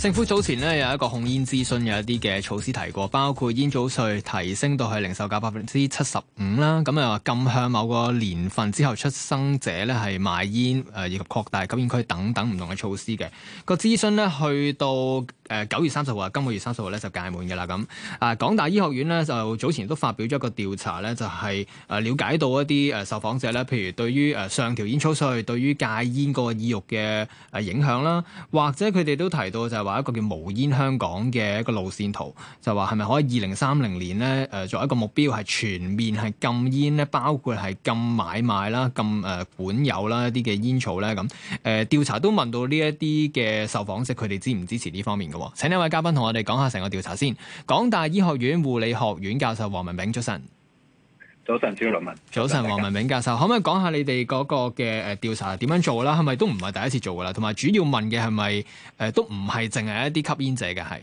政府早前咧有一個控煙諮詢，有一啲嘅措施提過，包括煙草稅提升到係零售價百分之七十五啦，咁啊禁向某個年份之後出生者咧係賣煙，誒以及擴大禁煙區等等唔同嘅措施嘅個諮詢咧，去到誒九月三十號，今個月三十號咧就屆滿嘅啦咁。啊，港大醫學院咧就早前都發表咗一個調查咧，就係誒瞭解到一啲誒受訪者咧，譬如對於誒上調煙草稅，對於戒煙個意欲嘅誒影響啦，或者佢哋都提到就是。話一個叫無煙香港嘅一個路線圖，就話係咪可以二零三零年咧，誒、呃，作為一個目標係全面係禁煙咧，包括係禁買賣啦、禁誒、呃、管有啦一啲嘅煙草咧咁。誒、呃，調查都問到呢一啲嘅受訪者，佢哋支唔支持呢方面嘅？請呢位嘉賓同我哋講下成個調查先。港大醫學院護理學院教授王文炳出身。早晨，朱立文。早晨，王文炳教授，可唔可以講下你哋嗰個嘅誒調查點樣做啦？係咪都唔係第一次做噶啦？同埋主要問嘅係咪誒都唔係淨係一啲吸煙者嘅係？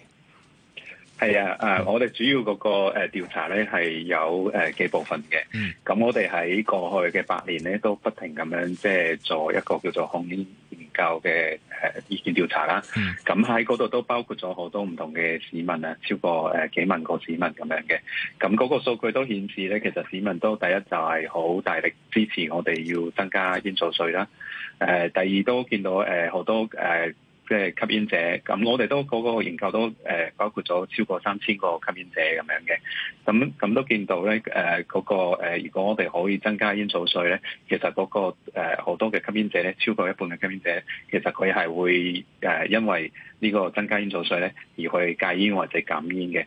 係啊，誒，我哋主要嗰個誒調查咧，係有誒幾部分嘅。咁、嗯、我哋喺過去嘅八年咧，都不停咁樣即係做一個叫做控煙研究嘅誒意見調查啦。咁喺嗰度都包括咗好多唔同嘅市民啊，超過誒幾萬個市民咁樣嘅。咁、那、嗰個數據都顯示咧，其實市民都第一就係、是、好大力支持我哋要增加煙草稅啦。誒，第二都見到誒好多誒。呃即係吸煙者，咁我哋都嗰、嗰個研究都誒、呃、包括咗超過三千個吸煙者咁樣嘅，咁咁都見到咧誒嗰個如果我哋可以增加煙草稅咧，其實嗰、嗰個好、呃、多嘅吸煙者咧，超過一半嘅吸煙者，其實佢係會誒、呃、因為呢個增加煙草稅咧而去戒煙或者減煙嘅。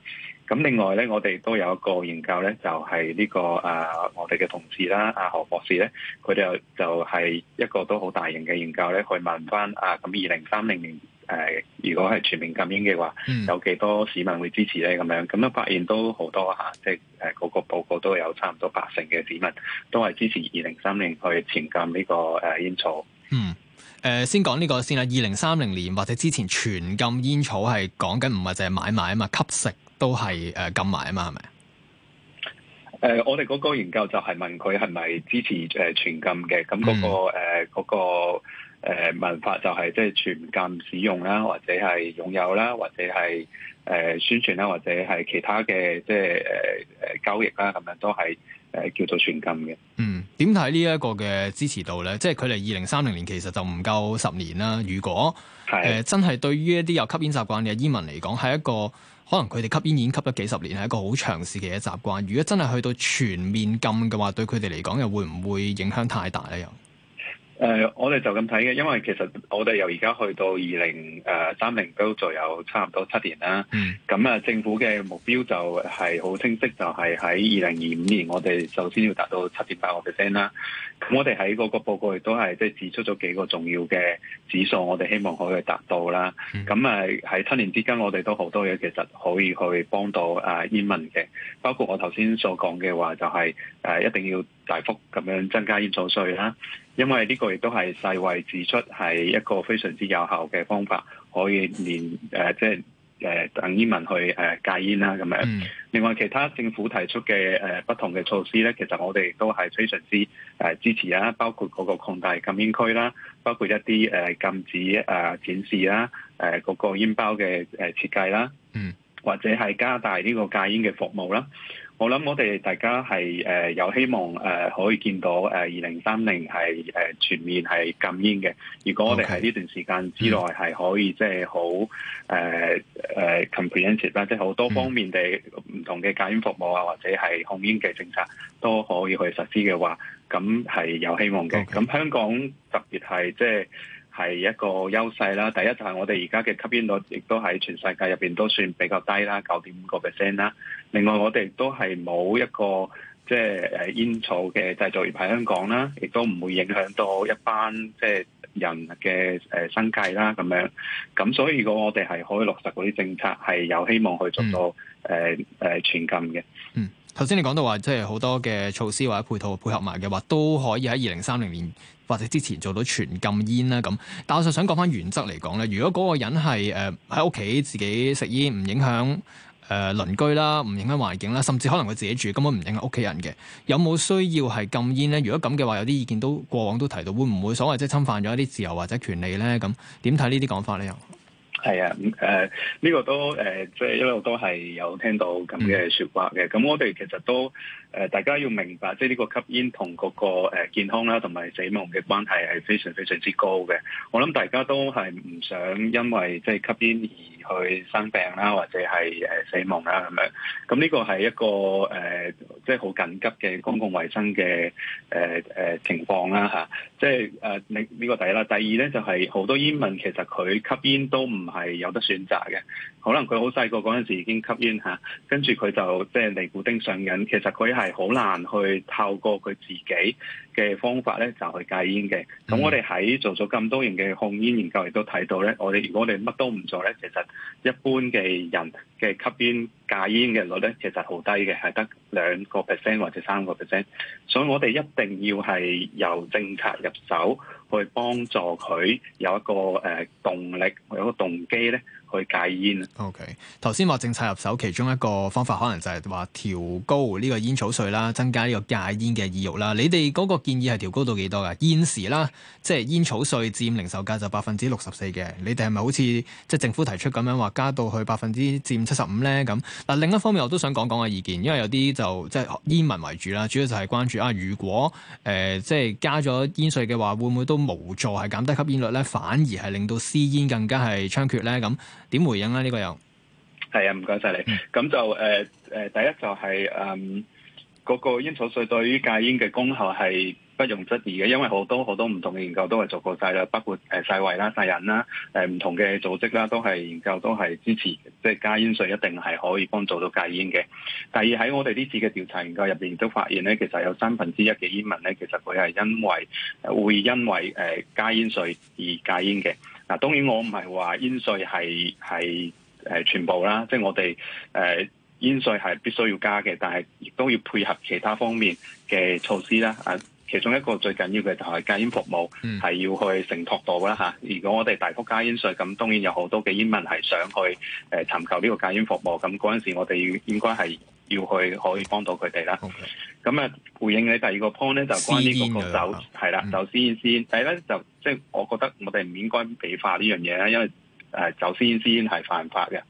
咁另外咧，我哋都有一個研究咧，就係、是、呢、這個、呃、啊，我哋嘅同事啦，阿何博士咧，佢哋就就係一個都好大型嘅研究咧，去問翻啊。咁二零三零年誒、呃，如果係全面禁煙嘅話，嗯、有幾多市民會支持咧？咁樣咁啊，發現都好多嚇，即係誒個個報告都有差唔多八成嘅市民都係支持二零三零去全禁呢、這個誒煙草。呃、嗯，誒、呃、先講呢個先啦。二零三零年或者之前全禁煙草係講緊唔係淨係買賣啊嘛，吸食。都係誒禁埋啊嘛，係咪？誒、呃，我哋嗰個研究就係問佢係咪支持誒全禁嘅，咁嗰、嗰個誒嗰、嗯呃嗰個、文法就係即係全禁使用啦，或者係擁有啦，或者係誒宣傳啦，或者係其他嘅即係誒誒交易啦，咁樣都係誒叫做全禁嘅。嗯，點睇呢一個嘅支持度咧？即係佢哋二零三零年其實就唔夠十年啦。如果誒的、呃、真係對於一啲有吸煙習慣嘅煙民嚟講，係一個。可能佢哋吸煙已經吸咗幾十年，係一個好長時期嘅習慣。如果真係去到全面禁嘅話，對佢哋嚟講又會唔會影響太大咧？又？誒，uh, 我哋就咁睇嘅，因為其實我哋由而家去到二零誒三零都仲有差唔多七年啦。咁啊、mm.，政府嘅目標就係好清晰，就係喺二零二五年，我哋首先要達到七點八個 percent 啦。咁我哋喺嗰個報告亦都係即係指出咗幾個重要嘅指數，我哋希望可以達到啦。咁啊、mm.，喺、呃、七年之間，我哋都好多嘢，其實可以去幫到誒煙民嘅，包括我頭先所講嘅話，就係、是、誒、呃、一定要大幅咁樣增加煙草稅啦。因為呢個亦都係世衛指出係一個非常之有效嘅方法，可以令誒即係誒等煙民去誒、呃、戒煙啦咁樣。嗯、另外其他政府提出嘅誒、呃、不同嘅措施咧，其實我哋都係非常之誒、呃、支持啦、啊，包括嗰個擴大禁煙區啦，包括一啲誒、呃、禁止誒展示啦，誒嗰個煙包嘅誒設計啦，嗯、或者係加大呢個戒煙嘅服務啦。我諗我哋大家係誒、呃、有希望誒、呃、可以見到誒二零三零係誒全面係禁煙嘅。如果我哋喺呢段時間之內係 Okay. 可以即係好誒誒 comprehensive 啦，即係好多方面嘅唔同嘅戒煙服務啊，或者係控煙嘅政策都可以去實施嘅話，咁係有希望嘅。咁 Okay. 香港特別係即係係一個優勢啦。第一就係我哋而家嘅吸煙率亦都喺全世界入邊都算比較低啦，九點五個 percent 啦。另外，我哋都係冇一個即係誒煙草嘅製造業喺香港啦，亦都唔會影響到一班即係人嘅誒、呃、生計啦。咁樣咁，所以如果我哋係可以落實嗰啲政策，係有希望去做到誒誒、呃、全禁嘅。頭先、嗯、你講到話，即係好多嘅措施或者配套配合埋嘅話，都可以喺二零三零年或者之前做到全禁煙啦。咁，但我就想講翻原則嚟講咧，如果嗰個人係誒喺屋企自己食煙，唔影響，誒、呃、鄰居啦，唔影響環境啦，甚至可能佢自己住根本唔影響屋企人嘅，有冇需要係禁煙呢？如果咁嘅話，有啲意見都過往都提到，會唔會所謂即係侵犯咗一啲自由或者權利呢？咁點睇呢啲講法呢？又？係啊，咁誒呢個都誒，即係一路都係有聽到咁嘅説話嘅。咁我哋其實都誒，大家要明白，即係呢個吸煙同嗰個誒健康啦，同埋死亡嘅關係係非常非常之高嘅。我諗大家都係唔想因為即係吸煙而去生病啦，或者係誒死亡啦咁樣。咁呢個係一個誒。即係好緊急嘅公共衞生嘅誒誒情況啦嚇，即係誒，呢、呢、呢個第一啦，第二咧就係好多煙民其實佢吸煙都唔係有得選擇嘅，可能佢好細個嗰陣時已經吸煙嚇，跟住佢就即係尼古丁上癮，其實佢係好難去透過佢自己。嘅方法咧就去戒煙嘅，咁、嗯、我哋喺做咗咁多年嘅控煙研究，亦都睇到咧，我哋如果我哋乜都唔做咧，其實一般嘅人嘅吸煙戒煙嘅率咧，其實好低嘅，係得兩個 percent 或者三個 percent，所以我哋一定要係由政策入手去幫助佢有一個誒動力，有一個動機咧。去戒煙 OK 頭先話政策入手其中一個方法，可能就係話調高呢個煙草稅啦，增加呢個戒煙嘅意欲啦。你哋嗰個建議係調高到幾多噶？現時啦，即係煙草稅佔零售價就百分之六十四嘅。你哋係咪好似即係政府提出咁樣話，加到去百分之佔七十五咧？咁嗱，但另一方面我都想講講嘅意見，因為有啲就即係煙民為主啦，主要就係關注啊，如果誒、呃、即係加咗煙稅嘅話，會唔會都無助係減低吸煙率咧？反而係令到私煙更加係猖獗咧？咁。點回應啦？呢個又係啊，唔該晒你。咁就誒誒、呃呃，第一就係、是、誒，嗰、呃、個煙草稅對於戒煙嘅功效係不容質疑嘅，因為好多好多唔同嘅研究都係做過晒啦，包括誒世衛啦、世人啦、誒、呃、唔同嘅組織啦，都係研究都係支持，即係加煙稅一定係可以幫助到戒煙嘅。第二喺我哋呢次嘅調查研究入邊都發現咧，其實有三分之一嘅煙民咧，其實佢係因為會因為誒、呃、加煙稅而戒煙嘅。嗱，當然我唔係話煙稅係係誒全部啦，即係我哋誒、呃、煙稅係必須要加嘅，但係亦都要配合其他方面嘅措施啦。啊，其中一個最緊要嘅就係戒煙服務，係、嗯、要去承托到啦嚇。如果我哋大幅加煙稅，咁當然有好多嘅煙民係想去誒、呃、尋求呢個戒煙服務，咁嗰陣時我哋應該係。要去可以幫到佢哋啦。咁啊 Okay.，回應你第二個 point 咧，就關於呢、這個個走私煙啦，走私煙先。第一就即係、就是、我覺得我哋唔應該美化呢樣嘢啦，因為、呃、走私煙先係犯法嘅。咁、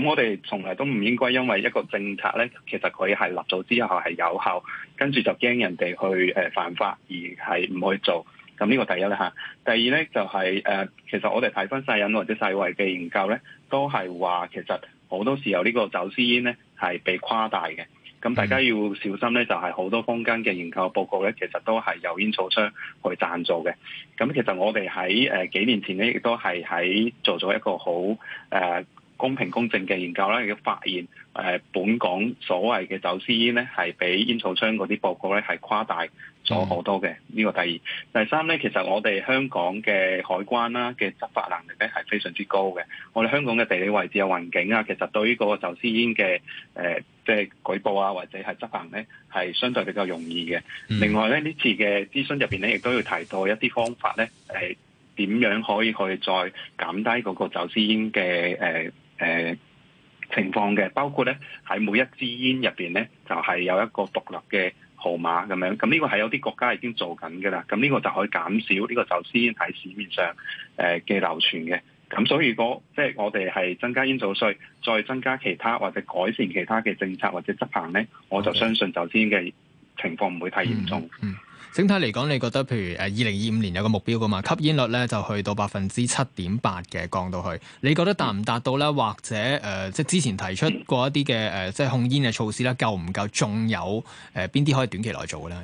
嗯、我哋從來都唔應該因為一個政策咧，其實佢係立咗之後係有效，跟住就驚人哋去誒犯法而係唔去做。咁呢個第一啦嚇。第二咧就係、是、誒、呃，其實我哋睇翻世銀或者世衞嘅研究咧，都係話其實。好多時候呢個走私煙咧係被誇大嘅，咁大家要小心咧，就係、是、好多坊間嘅研究報告咧，其實都係由煙草商去贊助嘅。咁其實我哋喺誒幾年前咧，亦都係喺做咗一個好誒、呃、公平公正嘅研究啦，亦、呃、都發現誒、呃、本港所謂嘅走私煙咧，係比煙草商嗰啲報告咧係誇大咗好、嗯、多嘅呢、呢個第二，第三呢，其實我哋香港嘅海關啦嘅執法能力呢係非常之高嘅。我哋香港嘅地理位置啊、環境啊，其實對於嗰個走私煙嘅誒，即、呃、係、就是、舉報啊或者係執行呢係相對比較容易嘅。嗯、另外呢，呢次嘅諮詢入邊呢，亦都要提到一啲方法呢，誒點樣可以去再減低嗰個走私煙嘅誒誒情況嘅，包括呢喺每一支煙入邊呢，就係、是、有一個獨立嘅。號碼咁樣，咁呢個係有啲國家已經做緊嘅啦，咁呢個就可以減少呢、呢個走私喺市面上誒嘅流傳嘅。咁所以如果即係我哋係增加煙草稅，再增加其他或者改善其他嘅政策或者執行咧，我就相信走私嘅情況唔會太嚴重。嗯、okay. mm。Hmm. 整體嚟講，你覺得譬如誒二零二五年有個目標㗎嘛？吸煙率咧就去到百分之七點八嘅，降到去。你覺得達唔達到咧？或者誒，即、呃、係之前提出過一啲嘅誒，即係控煙嘅措施咧，夠唔夠？仲有誒邊啲可以短期內做咧？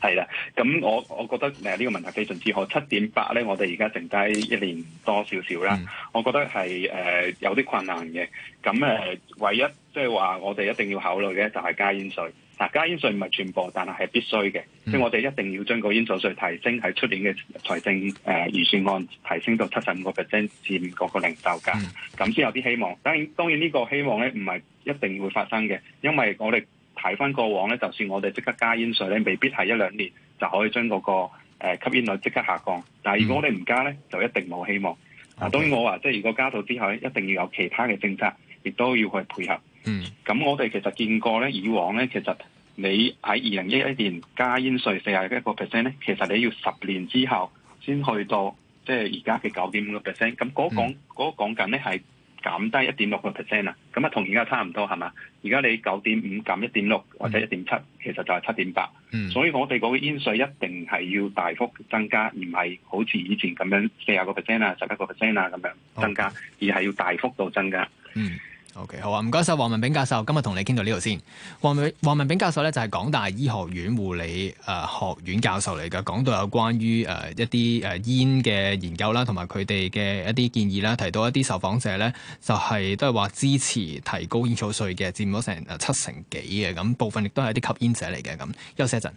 係啦，咁我我覺得誒呢、呃這個問題非常之好。七點八咧，我哋而家剩低一年多少少啦。嗯、我覺得係誒、呃、有啲困難嘅。咁誒、呃、唯一。即係話，我哋一定要考慮嘅就係加煙稅。嗱，加煙稅唔係全部，但係係必須嘅。即、mm hmm. 以我哋一定要將個煙草稅提升，喺出年嘅財政誒、呃、預算案提升到七十五個 percent，佔嗰個零售價，咁先、mm hmm. 有啲希望。當然當然呢個希望咧唔係一定會發生嘅，因為我哋睇翻過往咧，就算我哋即刻加煙稅咧，未必係一兩年就可以將嗰個吸煙率即刻下降。但係如果我哋唔加咧，就一定冇希望。嗱、mm，hmm. 當然我話即係如果加到之後咧，一定要有其他嘅政策，亦都要去配合。嗯，咁我哋其實見過咧，以往咧，其實你喺二零一一年加煙稅四十一個 percent 咧，其實你要十年之後先去到即係而家嘅九點五個 percent。咁嗰講嗰講緊咧係減低一點六個 percent 啊，咁啊同而家差唔多係嘛？而家你九點五減一點六或者一點七，其實就係七點八。嗯，所以我哋嗰個煙稅一定係要大幅增加，唔係好似以前咁樣四十個 percent 啊、十一個 percent 啊咁樣增加，okay. 而係要大幅度增加。嗯。O.K. 好啊，唔該晒王文炳教授，今日同你傾到呢度先。王文炳教授咧就係、是、港大醫學院護理誒、呃、學院教授嚟噶，講到有關於誒、呃、一啲誒煙嘅研究啦，同埋佢哋嘅一啲建議啦，提到一啲受訪者咧就係、是、都係話支持提高煙草稅嘅，佔咗成七成幾嘅，咁部分亦都係一啲吸煙者嚟嘅，咁休息一陣。